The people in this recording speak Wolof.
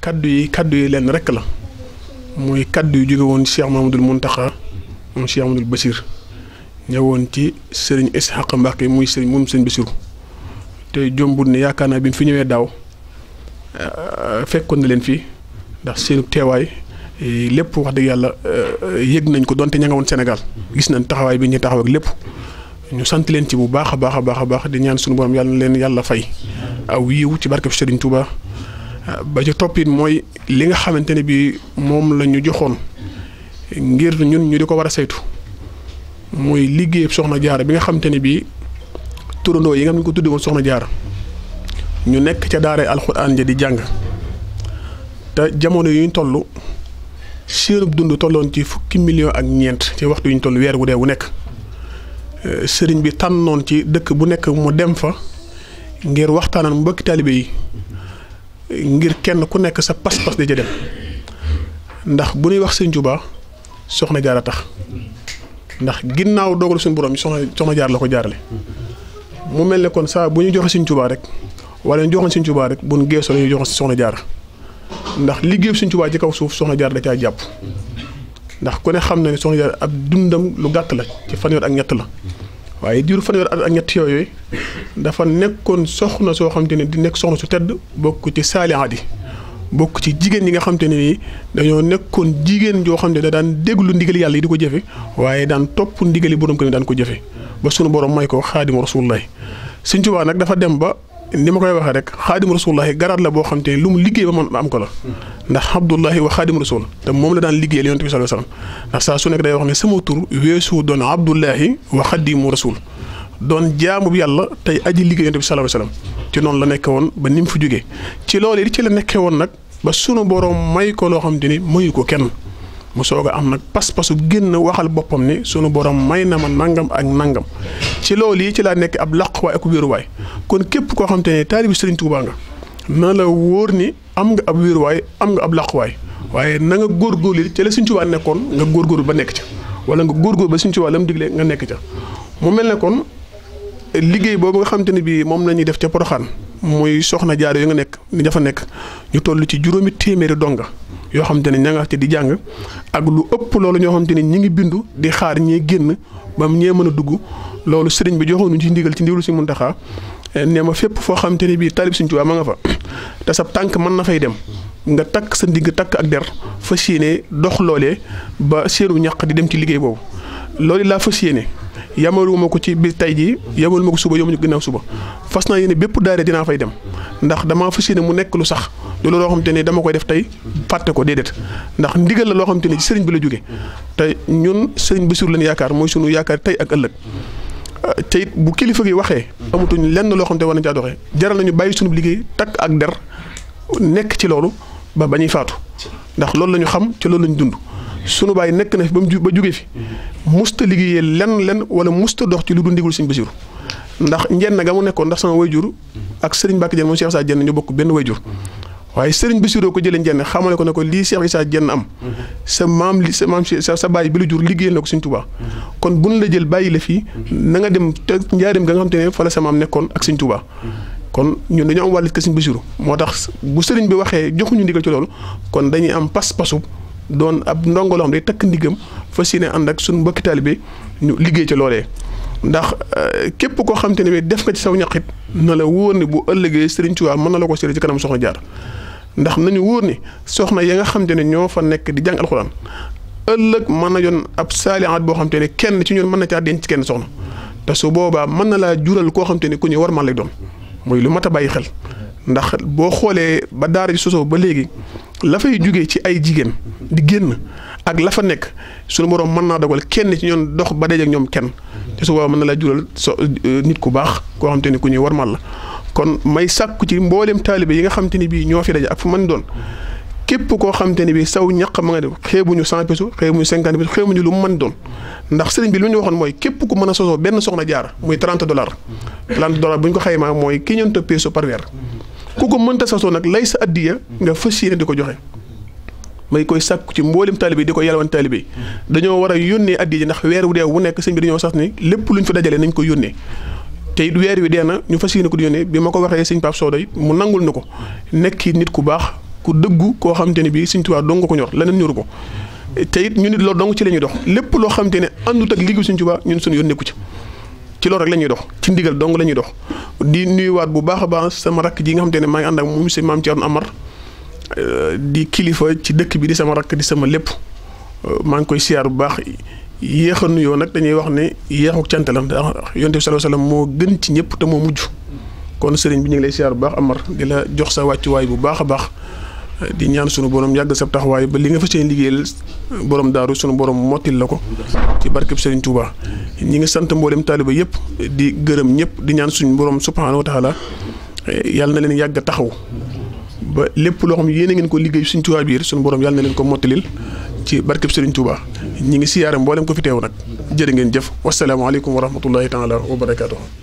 kàddu yi kàddu yi lenn rek la muy kaddu yu jóge woon Cheikh mun taxa moom Cheikh Mahamadul Bachir ñëwoon ci sëriñ Ishaq Mbacke muy sëriñ moom sëriñ Bachir te jombut ni yaakaar naa bi mu fi ñëwee daaw euh, fekkoon na leen fii ndax seen teewaay lépp wax dëgg yàlla euh, yëg nañ ko donte ña nga woon Sénégal gis nañ taxawaay bi ñuy taxaw lépp ñu sant leen ci bu baax a baax a baax a baax di ñaan suñu borom yàlla na leen yàlla fay aw yiw ci barkeb Sëriñ Touba. ba ca toppit mooy li nga xamante ne bii moom la ñu joxoon ngir ñun ñu di ko war a saytu mooy liggéey soxna jaar bi nga xamante ni bii turandoo yi nga xam ne ko tuddi woon soxna jaar ñu nekk ca daara alxuraan ja di jàng te jamono yu ñu toll seenub dund tolloon ci fukki million ak ñeent ci waxtu yu ñu toll weer wu dee bu nekk euh, sëriñ bi tànnoon ci dëkk bu nekk mu dem fa ngir waxtaanal mbokki taalibe yi ngir kenn ku nekk sa pas-pas di ca dem ndax bu ñuy wax sëñ Tuubaa soxna jaar a tax ndax ginnaaw dogal suñu borom soxna soxna jaar la ko jaarale. mu mel ne kon saa bu ñu joxe sëñ Tuubaa rek wala ñu joxoon sëñ Tuubaa rek bu ñu geesoo la ñuy joxoon soxna jaar ndax liggéeyu sëñ Tuubaa ci kaw suuf soxna jaar da caa jàpp. ndax ku ne xam na ne soxna jaar ak dundam lu gàtt la ci fanweer ak ñett la waaye diiru fanweer ak ñett yooyu dafa nekkoon soxna soo xamante ne di nekk soxna su tedd bokk ci saalihaat yi bokk ci jigéen ñi nga xamante ne nii dañoo nekkoon jigéen joo xam ne da daan déglu ndigal yàlla yi di ko jëfe waaye daan topp ndigali borom ko ne daan ko jëfe ba sunu borom may ko xaadimu rasulullahi Sëñ Tuubaa nag dafa dem ba ni ma koy waxee rek xaadimu rasulullahi garaat la boo xam te ne lu mu liggéey ba am ko la ndax abdullahi wa xaadimu rasul te moom la daan liggéeyal yonent bi sallallahu alayhi wasallam ndax saa su nekk day wax ne sama tur weesu doon abdullahi wa xaadimu rasul doon jaamu yàlla tey aji liggéey yonent bi sallallahu alayhi wasallam ci noonu la nekke woon ba ni mu fi jógee ci loolu it ci la nekke woon nag ba sunu boroom may ko loo xam te ni mayu ko kenn mu soog am nag pas-pasu génn waxal boppam ni sunu boroom may na ma nangam ak nangam ci lool yi ci laa nekk ab laquwaay ak wéeruwaay kon képp koo xam te ne taalibi Sëriñ Tuubaa nga na la wóor ni am nga ab wéeruwaay am nga ab laquwaay waaye na nga góorgóorlu ci la Sëriñ Tuubaa nekkoon nga góorgóorlu ba nekk ca wala nga góorgóorlu ba Sëriñ Tuubaa la mu digle nga nekk ca liggéey boobu nga xamante ne bii moom la ñuy def ca Porokhane muy soxna jaaro yu nga nekk ni dafa nekk ñu toll ci juróomi téeméeri donga yoo xamante ne ña nga ci di jàng ak lu ëpp loolu ñoo xamante ne ñi ngi bindu di xaar ñee génn ba ñee mën a dugg loolu sëriñ bi joxoon ñu ci ndigal ci ndigalu si Muntaxa eh, nee ma fépp foo xamante ne bii taalib Sëriñ Tuubaa ma nga fa te sa tànk mën na fay dem nga takk sa ndigg takk ak der fas yéene dox loole ba seenu ñaq di dem ci liggéey boobu loolu laa fas yéene yamalu ko ci biir tay jii yamalu ko suba yomuñu ginnaaw suba fas naa yéene bépp daare dinaa fay dem ndax damaa fas yéene mu nekk lu sax du loo xam te ne dama koy def tey fàtte ko déedéet ndax ndigal la loo xam te ne sëriñ bi la jóge te ñun sëriñ Bassirou lañ yaakaar mooy sunu yaakaar tey ak ëllëg euh, te bu kilifa gi waxee amatuñ lenn loo xam te war nañ caa doxee jaral nañu bàyyi sunu liggéey takk ak der nekk ci loolu ba bañuy faatu ndax loolu la ñu xam ci loolu la ñu dund sunu baay nekk na fi ba mu ba jóge fi musta liggéeyee len len wala musta dox ci lu du ndigul sëñ Basiru ndax njenn nga mu nekkoon ndax sama jur ak sëriñ Mbàkke Jenn moom Cheikh Issa Jenn ñu bokk benn wayjur waaye sëriñ Basiru ko jëlee njenn xamale ko ne ko lii Cheikh sa Jenn am sa maam li sa maam sa baay bi lu jur liggéeyal na ko sëñ Tuubaa kon buñ la jël bàyyi la fii na nga dem njaarim ga nga xam te ne fa la sa maam nekkoon ak sëñ Tuubaa kon ñun dañoo am wàllit ko sëriñ Basiru moo tax bu sëriñ bi waxee joxuñu ndigal ci loolu kon dañuy am pas-pasu doon ab ndongo loo xam day takk ndigam fa yéene ànd ak suñu mbokki taalibe ñu liggéey ci loolee. ndax euh, képp koo xam te ne bi def nga ci saw ñaqit na la wóor ni bu ëllëgee Serigne Touba mën na la ko séddee ci kanam soxna jaar ndax nañu wóor ni soxna ya nga xam ne ñoo fa nekk di jàng alxuraan ëllëg mën na yoon ab saalihaat boo xam te ne kenn ci ñun mën na caa denc ci kenn soxna te su boobaa mën na laa jural koo xam ni ne ku ñu war man lay doon muy lu mat a bàyyi xel ndax boo xoolee ba daara ji sosoo ba léegi la fay jugee ci ay jigéen di génn ak la fa nekk suñu borom mën naa dogal kenn ci ñoon dox ba dajee ak ñoom kenn te su boobaa mën na laa jural so euh, nit ku baax koo xam ni ku ñuy warmal la kon may sàkku ci mbooleem taalibe yi nga xam ni bii ñoo fi daje ak fu man doon képp koo xam te ni bii saw ñaq ma nga def xeebuñu cent peso xeebuñu cinquante peso xeebuñu lu mu mën doon ndax sëriñ bi lu ñu waxoon mooy képp ku mën a sosoo benn soxna jaar muy trente dollars trente dollars bu ñu ko xaymaa mooy quinze peso par weer ku ko mënta sasoo nag lay sa addiya nga fas yéene di ko joxe may koy sàkku ci mboolem taalibe di ko yalwaan taalibe dañoo war a yónnee addiya ji ndax weer wu dee wu nekk sëñ bi dañoo sas ni lépp luñ fi dajale nañ ko yónnee te it weer wi dee na ñu fas yéene ko di yónnee bi ma ko waxee sëñ Pape Soda it mu nangul ni ko nekk nit ku baax ku dëggu koo xamante ne bii sëñ Tuubaa dong nga ko ñor leneen ñoru ko te it ñu nit loolu dong ci la ñuy dox lépp loo xamante ne àndut ak liggéeyu sëñ Tuubaa ñun suñu yónnee ko ci ci loolu rek la ñuy dox ci ndigal dong lañuy dox di nuyuwaat bu baax a baax sama rakk ji nga xam ne maa ngi ànd ak moom monsieur Mame Thierno Amar euh, di kilifa ci dëkk bi di sama rakk di sama lépp euh, maa ngi koy siyaar bu baax yéex a nuyoo nag dañuy wax ne yéexuk cant la ndax yonent bi sallallahu alayhi moo gën ci ñëpp te moo mujj kon sëriñ bi ñu ngi lay siyaar bu baax Amar di la jox sa wàccuwaay bu baax a baax. di ñaan sunu borom yàgg sa taxawaay ba li nga fa seen liggéeyal borom daaru sunu borom mottil la ko ci barkeb Serigne Touba ñi ngi sant mboolem taaliba yëpp di gërëm ñëpp di ñaan suñu borom subhaanahu wa taala yàlla na leen yàgg taxaw ba lépp loo xam yéen a ko liggéey suñ Touba biir sunu borom yàlla leen ko mottilil ci barkeb Serigne Touba ñi ngi siyaare mboolem ko fi teew nag jërë ngeen jëf wasalaamaaleykum wa rahmatullahi taala wa barakaatu.